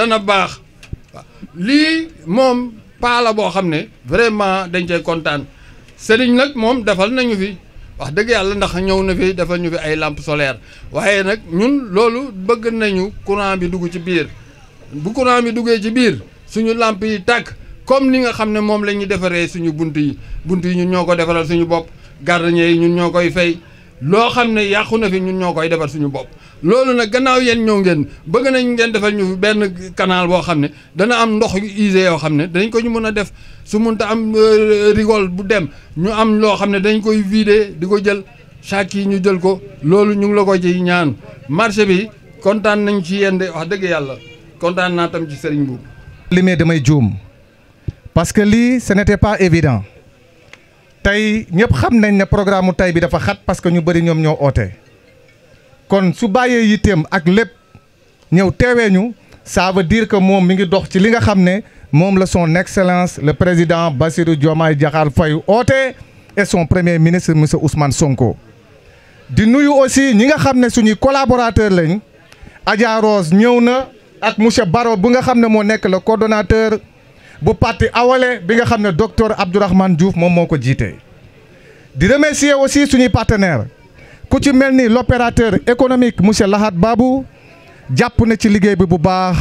dana baax waaw lii moom paa la boo xam ne vraiment dañ cay kontaan sëriñ nag moom defal nañu fi wax dëgg yàlla ndax ñëw na fi defal ñu fi ay làmp solaire waaye nag ñun loolu bëgg nañu courant bi dugg ci biir bu courant bi duggee ci biir suñu làmp yi tàkk comme ni nga xam ne moom la ñuy defaree suñu bunt yi bunt yi ñun ñoo ko defaral suñu bopp gardien yi ñun ñoo koy fay loo xam ne yàqu na fi ñun ñoo koy defar suñu bopp loolu nag gannaaw yéen ñoo ngeen bëgg nañ ngeen defal ñu benn kanaal boo xam ne dana am ndox usé yoo xam ne dañ ko ñu mën a def su munta am euh, rigole bu dem ñu am loo xam ne dañ koy vider di ko jël chaque yi ñu jël ko loolu ñu ngi la ko ci ñaan marché bi kontaan nañ ci yéen de wax dëgg yàlla kontaan naa tam ci sëriñ bu limee damay juum parce que lii ce n'était pas évident tey ñëpp xam nañ ne programme mu tey bi dafa xat parce que ñu bëri ñoom ñoo oote kon su baye yitem ak lepp ñew teewee ça veut dire que mom mi ngi dox ci li nga xamné mom son excellence le président Bassirou Diomaye Diakhar Faye oté et son premier ministre monsieur Ousmane Sonko. di nuyu aussi ñi nga xamné suñu collaborateur lañ Adja Rose ak monsieur Baro bu nga xamné mo moo nekk le coordonnateur bu parti Awale bi nga xamné docteur Abdourahmane Diouf mom moko jité di remercier aussi suñu partenaire l'opérateur économique monsieur Lahad Babou diapune ne ci bi bu baax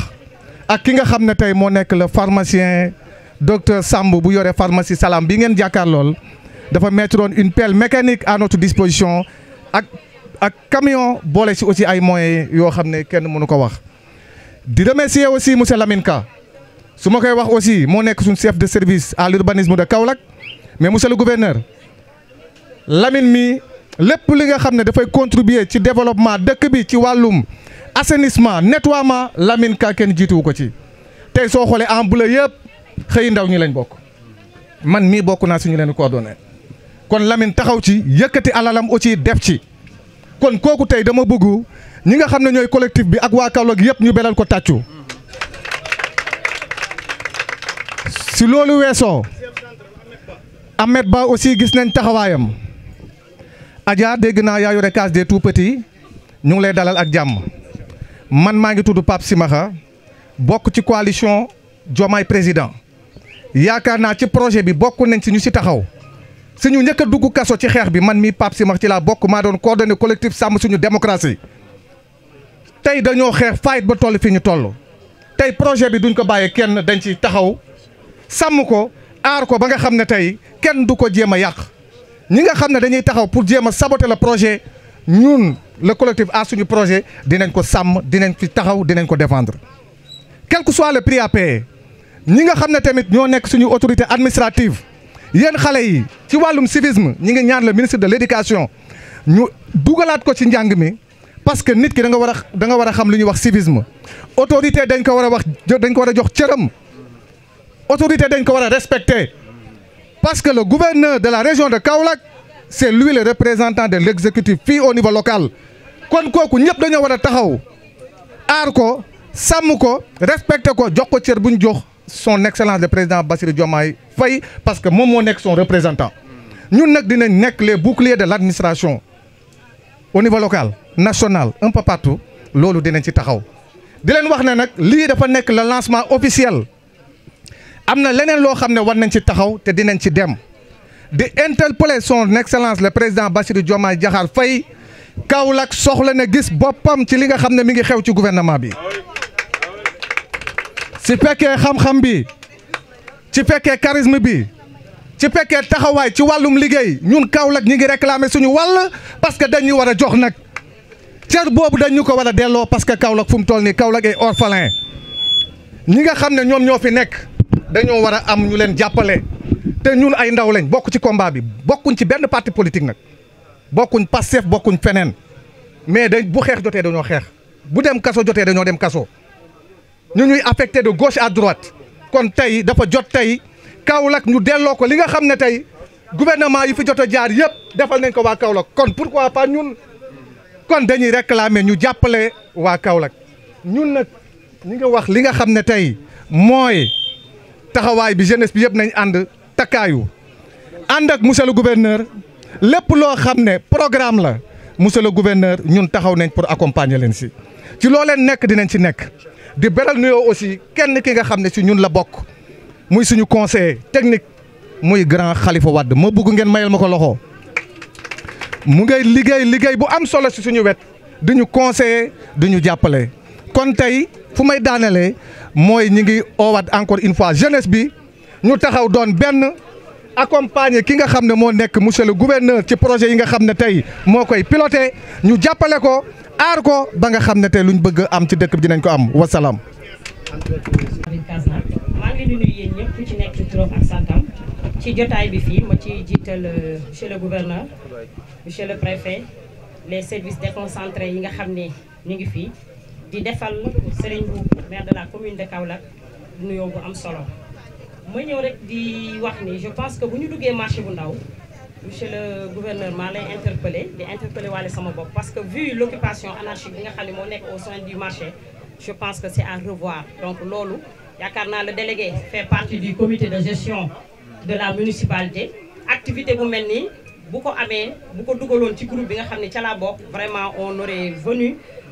ak le pharmacien docteur bu pharmacie Salam bi diakarol, diakar mettre une pelle mécanique à notre disposition ak ak camion bolé aussi ay moyens aussi monsieur Laminka, aussi chef de service à l'urbanisme de mais monsieur le gouverneur Lamine lépp li nga xam ne dafay contribuer ci développement dëkk bi ci wàllum assainissement nettoiement Lamine Ka kenn jiituwu ko ci tey soo xoolee en bleu yëpp xëy ndaw ñi lañ bokk man mii bokk naa suñu leen coordonné kon Lamine taxaw ci yëkkati alalam aussi def ci kon kooku tey dama bëgg ñi nga xam ne ñooy collectif bi ak waa Kaolack yëpp ñu belal ko tàccu si loolu weesoo Ahmed Ba aussi gis nañ taxawaayam Adja dégg naa yaayu yore case des tout ñu ngi lay dalal ak jàmm man maa ngi tudd Pape Simakha bokk ci coalition Diomaye président yaakaar naa ci projet bi bokk nañ si ñu si taxaw suñu njëkk a dugg kaso ci xeex bi man mii Pape Simakha ci laa bokk maa doon coordonné collectif sàmm suñu démocratie tey dañoo xeex fayit ba toll fi ñu toll tey projet bi duñ ko bàyyi kenn dañ ci taxaw sàmm ko aar ko ba nga xam ne tey kenn du ko jéem a yàq. ñi nga xamne pour saboter le projet ñun le collectif a suñu projet ko défendre quel que soit le prix à payer nous nga xamne tamit autorité administrative yeen civisme le ministre de l'éducation. Nous ñu le ko parce que nit ki da nga wara da nga civisme autorité dañ ko respecter parce que le gouverneur de la région de Kaolack, c'est lui le représentant de l'exécutif au niveau local kon kooku ñëpp dañoo a Samuko, respecte ko sàmm ko son excellence le président Basile Diomaye Fay, parce que Momo Nek son représentant Nous sommes les boucliers de l'administration au niveau local national un peu partout loolu dinañ ci taxaw di wax le lancement officiel am na leneen loo xam ne war nañ ci taxaw te dinañ ci dem di interpeller son excellence la président Bassirou Diomaye Diakhar Faye Kaolack soxla na gis boppam ci li nga xam ne mi ngi xew ci gouvernement bi ci fekkee xam-xam bi ci fekkee charisme bi ci fekkee taxawaay ci wàllum liggéey ñun Kaolack ñi ngi réclamer suñu wàll parce que dañu war a jox nag cër boobu dañu ko war a delloo parce que Kaolack fu mu toll nii Kaolack ay orphelin ñi nga xam ne ñoom ñoo fi nekk dañoo war a am ñu leen jàppale te ñun ay ndaw lañ bokk ci combat bi bokkuñ ci benn parti politique nag bokkuñ Pastef bokkuñ feneen mais dañ bu xeex jotee dañoo xeex bu dem kaso jotee dañoo dem kaso ñu ñuy affecté de gauche à droite kon tey dafa jot tey Kaolack ñu delloo ko li nga xam ne tey gouvernement yi fi jot jaar yëpp defal nañ ko waa Kaolack kon pourquoi pas ñun kon dañuy réclamer ñu jàppale waa Kaolack ñun nag ñu ngi wax li nga xam ne tey mooy taxawaay bi jeunesse bi yëpp nañ ànd takkaayu ànd ak monsieur gouverneur lépp loo xam ne programme la monsieur le gouverneur ñun taxaw nañ pour accompagner leen si. ci loo leen nekk dinañ ci nekk di beral nuyoo aussi kenn ki nga xam ne si ñun la bokk muy suñu conseiller technique muy grand xalifa wadd ma bugg ngeen mayal ma ko loxo mu ngay liggéey liggéey bu am solo si suñu wet ñu duñu conseiller ñu jàppale kon tey fu may daanelee. mooy ñi ngi oowaat encore une fois jeunesse bi ñu taxaw doon benn accompagner ki nga xam ne moo nekk monsieur le gouverneur ci projet yi nga xam ne tey moo koy piloté ñu jàppale ko aar ko ba nga xam ne tey lu ñu bëgg am ci dëkk bi dinañ ko am wasalaam. maa ci nekk ci turam ak ci jotaay bi fii ma ci jiital euh, monsieur le gouverneur monsieur le préfet les services déconcentrés yi nga xam ne ñu ngi fii. di defal Serigne maire de la commune de Kaolack qui bu am solo ma ñëw rek di wax ni je pense que si duggé marché bu ndaw monsieur le gouverneur m'a lay interpellé di interpellé walé parce que vu l'occupation anarchique bi nga au sein du marché je pense que c'est à revoir donc lolu yaakaar le délégué fait partie du comité de gestion de la municipalité activité bu melni bu ko beaucoup bu ko qui ci groupe bi nga vraiment on aurait venu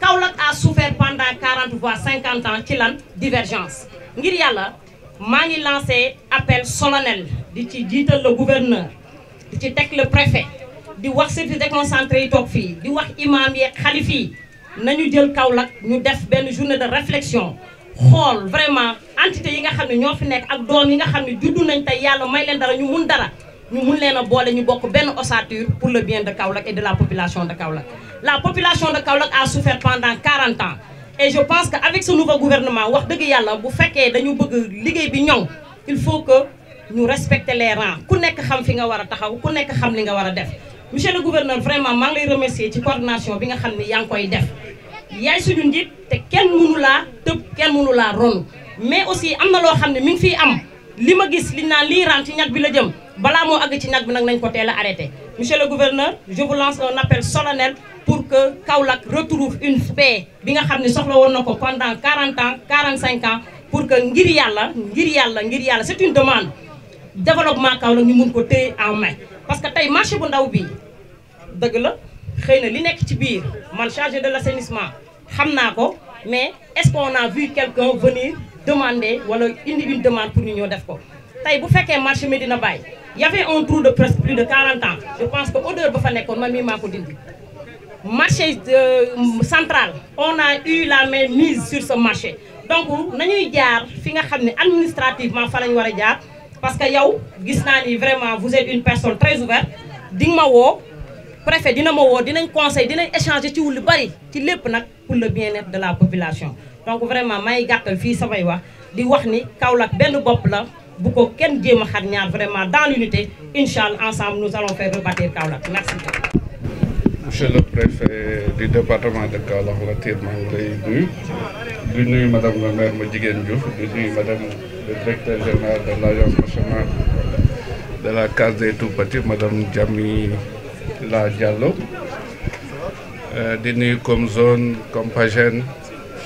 Kaolack a souffert pendant 40 voire 50 ans ci lan divergence ngir yàlla maa ngi lancé appel solennel di ci jiital le gouverneur di ci tek le préfet di wax service déconcentré tok fi, di wax imam yi xalif nañu jël Kaolack ñu def ben journée de réflexion xool vraiment entité yi nga xamni ne ñoo fi nekk ak doom yi nga xamni ne juddu nañ tey yàlla may leen dara ñu mën dara nous mun leen a ñu bokk ossature pour le bien de Kaolack et de la population de Kaolack. La population de Kaolack a souffert pendant 40 ans et je pense que avec ce nouveau gouvernement wax deug yalla bu féké dañu bëgg liggéey bi ñoŋ il faut que nous respections les rangs ku nekk xam fi nga wara taxaw ku nekk xam li nga wara def. Monsieur le gouverneur vraiment maa ngi lay remercier ci coordination bi nga xam ni yang koy def yaay suñu njiit té kenn mënu la tëb kenn mënu la ron. mais aussi amna lo xamni mi ngi fi am Lima gis li na li ran ci ñag bi la jëm. Je ne ci bi monsieur le gouverneur je vous lance un appel solennel pour que Kaolack retrouve une paix bi nga pendant 40 ans 45 ans pour que ngiriala, ngiriala, ngiriala, c'est une demande développement Kaolack ñu mun ko en main parce que tey marché bu ndaw marché dëgg la xëy li chargé de l'assainissement mais est-ce qu'on a vu quelqu'un venir demander ou une demande pour ñu ñoo def ko fait bu fekkee marché Medina Baye il y avait un trou de presque plus de 40 ans je pense que odeur ba fa nekkoon man mii maa marché euh, central on a eu la main mise sur ce marché donc nous jaar fi nga administrativement fa lañ war parce que yow gis ni vraiment vous êtes une personne très ouverte di préfet dina ma woo dinañ conseil dinañ échanger ci wu lu bari ci lépp pour le bien-être de la population donc vraiment may gàttal fii samay wax di wax ni Kaolack benn de la beaucoup. Que kenn nous vraiment dans l'unité Inch'Allah, ensemble nous allons faire rebâtir Kaolack merci. monsieur le préfet du département de Kaolack la Lattir maa ngi du madame la maire ma Diouf madame le directeur général de l'agence nationale de la case des tout petits madame La Diallo euh, di nuyu comme zone comme Pagène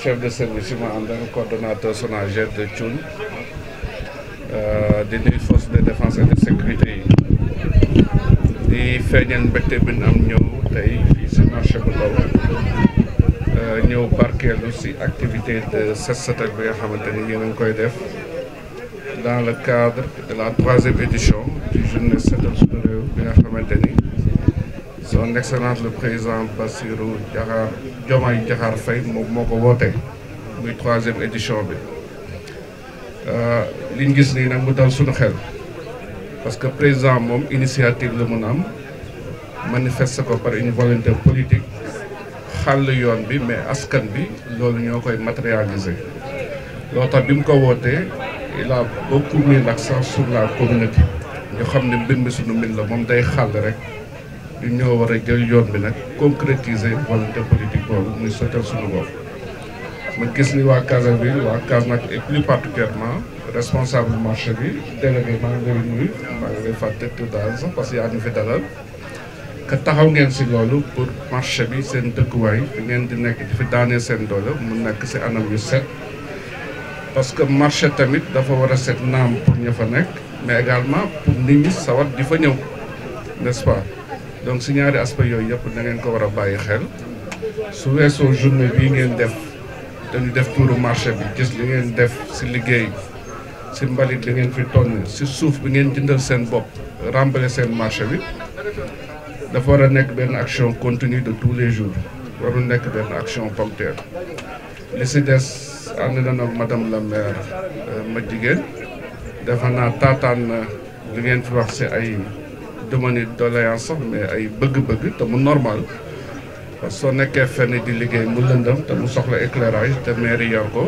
chef de service Madame coordonnateur sonagère de Tchoun, des euh, deux forces de défense et de sécurité yi di feeñal mbégte am euh, activité de set setal bi dans le cadre de la troisième édition du Jeunesse setal suñu réew de son excellent le président Bassirou Diakhar Diomaye Diakhar Faye moom la troisième édition euh, liñ gis nii nag mu dal suñu xel parce que président moom initiative la mun am manifeste ko par une volonté politique xàll yoon bi mais askan bi loolu ñoo koy matérialiser loo tax bi mu ko wootee il a beaucoup mis l'accent sur la communauté ñu xam ne mbir mi suñu mbir la moom day xàll rek ñu ñoo war a jël yoon bi nag concrétiser volonté politique boobu muy sottal suñu bopp ma gis ni waa Casamance waa Casamance et plus particulièrement responsable marché bi délégué maa ngi lay nuyu maa ngi lay fàtte tout daal sax parce que yaa ñu fi dalal que taxaw ngeen si loolu pour marché bi seen dëkkuwaay fi ngeen di nekk di fi daanee seen doole mu nekk si anam yu set parce que marché tamit dafa war a set naam pour ña fa mais également pour nit ñi sawat di fa n'est-ce pas donc si ñaari aspect yooyu yëpp da ngeen ko war a xel su weesoo journée bii ngeen def dañu def tuuru marché bi gis li ngeen def si liggéey si mbalit li ngeen fi tonn si suuf bi ngeen jëndal seen bopp rembale seen marché bi dafa war a nekk benn action continue de tous les jours warul nekk benn action ponctuelle li si des ànd na nag madame la maire euh, ma jigéen dafa naa taataan na euh, li ngeen fi wax si ay demande doléance sax mais ay bëgg-bëgg te mu normal parce que soo nekkee fenn di liggéey mu lëndam te mu soxla éclairage te maire yor ko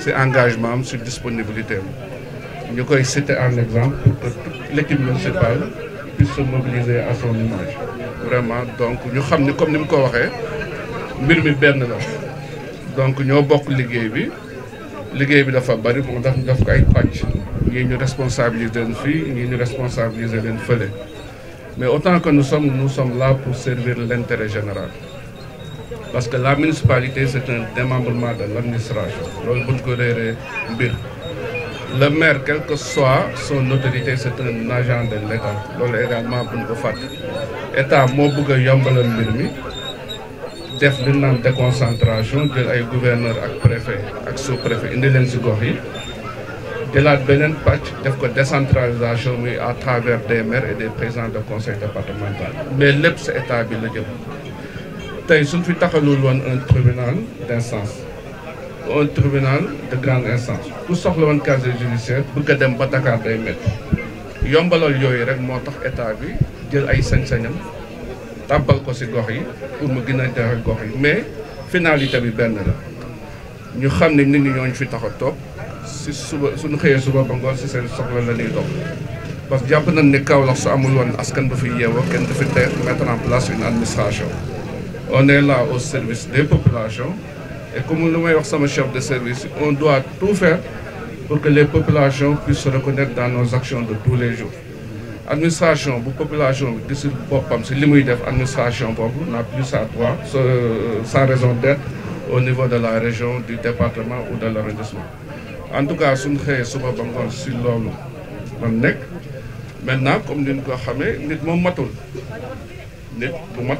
C'est engagement sur la disponibilité Nous avons cité exemple pour que toute l'équipe municipale puisse se mobiliser à son image vraiment donc ñu savons comme nous mu ko waxee mbir nous avons donc ñoo bokk sommes bi liggéey bi dafa bari moo tax ko ay pàcc ñii ñu responsabiliser leen responsables d'une responsabilité mais autant que nous sommes nous sommes là pour servir l'intérêt général parce que la municipalité c'est un démembrement de l'administration le maire quel que soit son autorité c'est un agent de l'État C'est également bu ko L'État, état moo bëgg a yombalal mbir mi def déconcentration de gouverneur et préfet ak sous-préfet Il leen une yi de décentralisation à travers des maires et des présidents de conseil départemental mais lépp est état tay suñ fi taxalul woon un tribunal d' instance un tribunal de grande instance ku soxla woon casier judiciaire bëgg a dem ba Dakar day métti yombalal yooyu rek moo tax état bi jël ay sañ-sañam tàbbal ko ci gox yi pour mu gën a joxe gox yi mais finalité bi benn la ñu xam ne nit ñi ñu fi tax a toog ci suba suñu xëyee suba ba ngoon ci seen soxla la ñuy dox parce que jàpp nañ ne Kaolack su amul woon askan du fi yeewoo kenn du fi mettre en place une administration on est là au service des populations et comme nous, meilleur sama chef de service, on doit tout faire pour que les populations puissent se reconnaître dans nos actions de tous les jours. L'administration, pour population populations, gisul n'a plus à toi, sans raison d'être au niveau de la région du département ou de l'arrondissement en tout cas si nous suba sur ngoon si maintenant comme nous ñu ko nous nit moom Nous sommes bu mat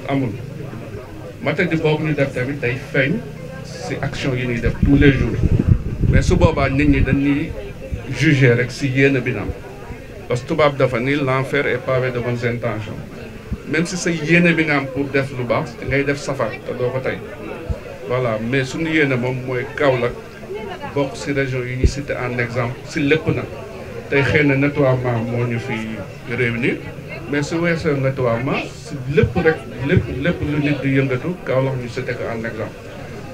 de boobu ñu def tamit day feeñ si action yi ñuy def tous les jours mais su boobaa nit ñi dañuy juger rek si yéene bi nam parce que tubaab dafa ni l'enfer est pavé de bonnes intentions même si sa yéene bi nga am pour def lu baax ngay def safar te doo ko tey voilà mais suñu yéene moom mooy Kaolack bokk si région yi ñu cité en exemple si lépp nag tey xëy na nettoiement moo ñu fi réunir mais su weesoo nga Tuubaa ma lépp rek lépp lépp lu nit di yëngatu Kaolack ñu ko exemple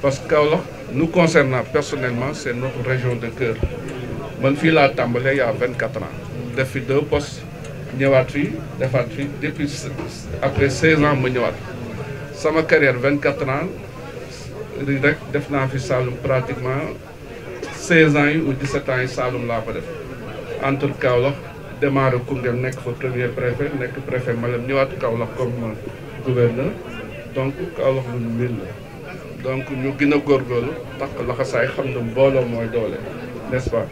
parce que Kaolack nous concernant personnellement c'est notre région de cœur man fii laa tàmbalee il y 24 ans def fi deux postes ñëwaat fii defaat fii depuis après 16 ans ma ñëwaat sama carrière 24 ans rek def naa fi Saloum pratiquement 16 ans ou 17 ans yi Saloum laa ko def entre Kaolack démarré Koungheul nekk fa premier préfet nekk préfet Malem ñëwaat Kaolack comme euh, gouverneur donc Kaolack lu ñu miin la donc ñu gën a góorgóorlu takk laxasaay xam ne mbooloo mooy doole n'est-ce pas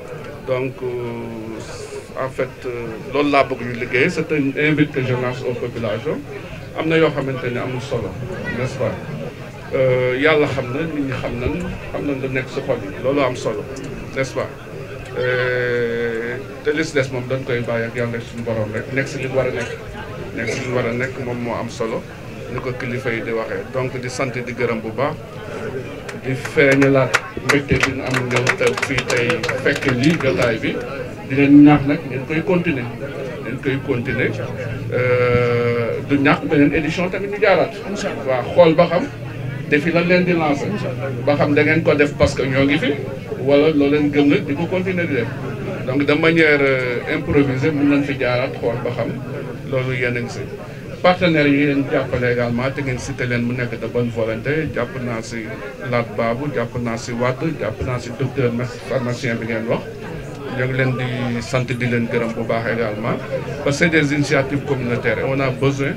donc euh, en fait euh, loolu laa bëgg ñu liggéey c'est une invite que je lance aux populations am na yoo xamante ne amul solo n'est-ce pas yàlla xam na nit ñi xam na xam nañ nekk si xol yi loolu am solo n'est-ce pas te li si moom dañ koy bàyyi ak yàlla suñu borom rek nekk si li war a nekk nekk si li war a nekk moom moo am solo ni ko kilifa yi di waxee donc di sant di gërëm bu baax di feeñalaat mbégte bi ñu am te fekk lii jotaay bi di leen ñaax nag ngeen koy continuer ngeen koy continuer euh, du ñàkk beneen édition tamit ñu jaaraat waaw xool ba xam defi lan leen di lancer ba xam da ngeen ko def parce que ñoo ngi fi wala loo leen gëm nag di ko continuer di def donc de manière euh, improvisée nous nañ fait jaaraat xool ba xam loolu partenaires également te de bonne volonté docteur pharmacien également des initiatives communautaires et on a besoin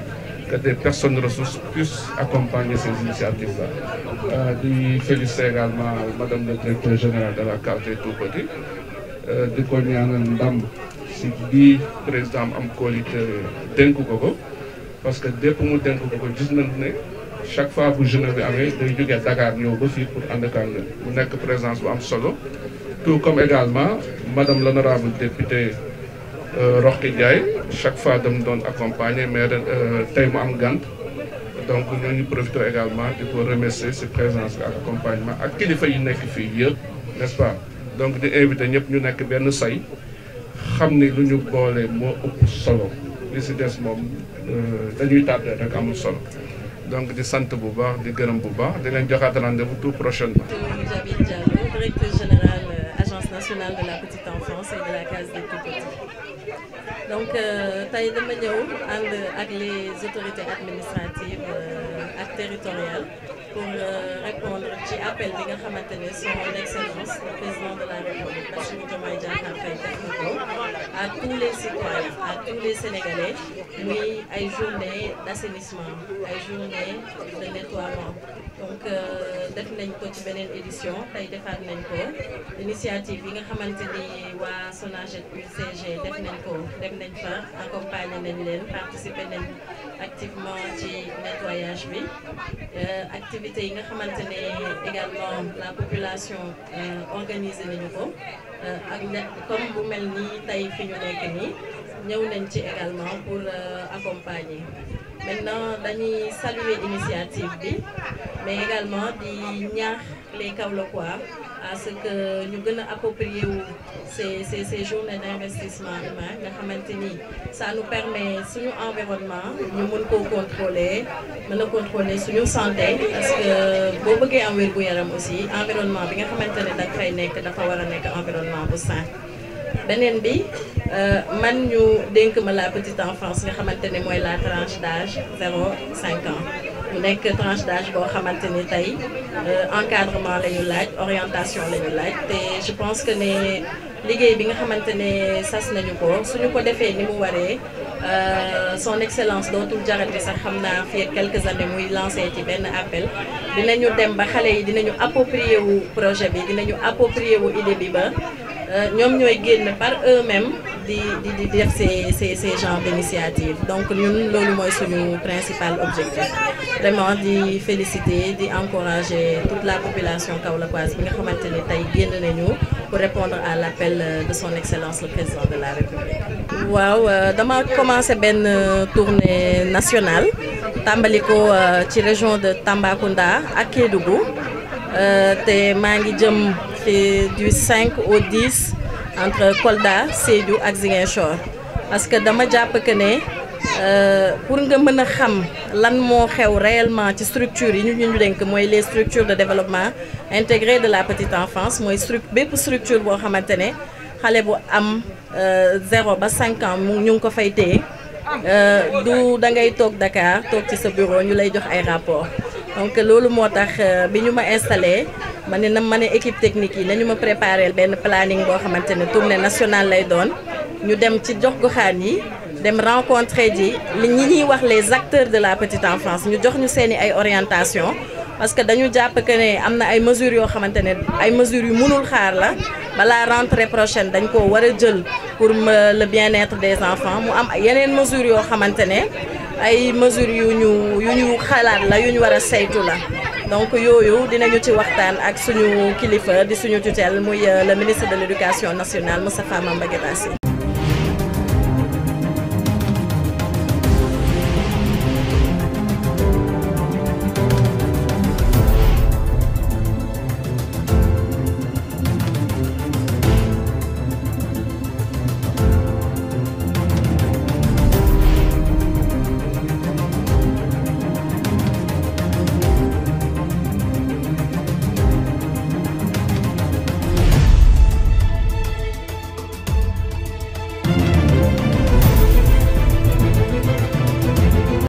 que des personnes ressources puissent accompagner ces initiatives-là. je euh, félicite également Madame le directeur général de la carte et tout euh, de ko ñaanal ndam si président am kóolite dénk ko ko parce que depuis mu dénk ko ko gis nañ ne chaque fois bu jeune bi amee day jógee Dakar ñëw ba fii pour ànd ak mu nekk présence bu am solo tout comme également madame l'honorable députée euh, Roxi Ndiaye chaque fois dam doon accompagner mais euh, tey mu am gant donc ñoo ngi profité également di ko remercier si présence ak accompagnement ak kilifa yi nekk fii yëpp n'est-ce pas donc di invité ñëpp ñu nekk benn say xam ni boole moo solo li euh, dañuy donc di bu baax di gërëm bu baax euh, nationale de la petite enfance et de la case des petits donc euh, tey dama les autorités administratives et territoriales pour répondre à l'appel excellence le président de la République à tous les citoyens à tous les sénégalais à une journée d'assainissement une journée de nettoiement donc euh, nous une ko édition ko initiative accompagner participer activement du nettoyage oui, euh, activité yi nga également la population euh, organisée nañu ko euh, ak comme bu m'avez dit, tey fi ñu nous nii nañ ci également pour accompagner maintenant nous saluer l'initiative, mais également di les Kaolackois à ce que ñu gën approprier wu ces ces ces journées d'investissement humain nga xamante ça nous permet suñu environnement ñu mën contrôler nous a contrôler suñu santé parce que boo bëggee environnement yaram aussi environnement bi nga xamante ne fay nekk dafa nekk environnement bu sain Benen bi euh, man ñu denk ma la petite enfance nga xamante moy la tranche d'âge 0-5 ans nek tranche d'âge bo xamantene tay euh, encadrement lañu laaj orientation lañu laaj té je pense que né liggéey bi nga xamantene ne sas nañu ko suñu ko défé ni mu waree euh, son excellence dootul jarati sax xamna fi quelques années muy lancé ci ben appel dinañu dem ba xalé yi dinañu approprier wu projet bi dinañu approprier wu idée bi ba euh, ñom ñoy génn par eux-mêmes de dire ces ces genres d'initiative donc nous loolu principal objectif vraiment de féliciter di encourager toute la population kaolackoise pour répondre à l'appel de son excellence le président de la république. waaw euh, dama commencer une euh, tournée nationale Tambaliko, la euh, région de Tambacounda à Kédougou Je du 5 au 10 entre Kolda, Sédou et Zingenchor. Parce que dans ma vie, que né, euh, pour que je sache ce qui réellement dans les structures, les structures de développement intégrées de la petite enfance, les structure qui sont les structures qui ont 0 à 5 ans, qui ont fêté, euh, tu es à Dakar, tu es à ce bureau, nous lui donnons des rapports. Donc, c'est ce nous avons installé ma ne na équipe technique yi nañu ma préparé benn planning boo xamante ne tournée nationale lay doon ñu dem ci jox goxaan yi dem rencontrer ji li ñi ñuy wax les acteurs de la petite enfance ñu jox ñu seeni ay orientation parce que dañu jàpp que ne am na ay mesures yoo xamante ne ay mesures yu mënul xaar la balaa rentrée prochaine dañ ko war a jël pour le bien-être des enfants mu am yeneen mesures yoo xamante ne ay mesures yu ñu yu ñu xalaat la yu ñu war a saytu la donc yooyu dinañu ci waxtaan ak suñu kilifa di suñu tutelle muy euh, le ministre de l' éducation nationale Moustapha Mamba Guirassy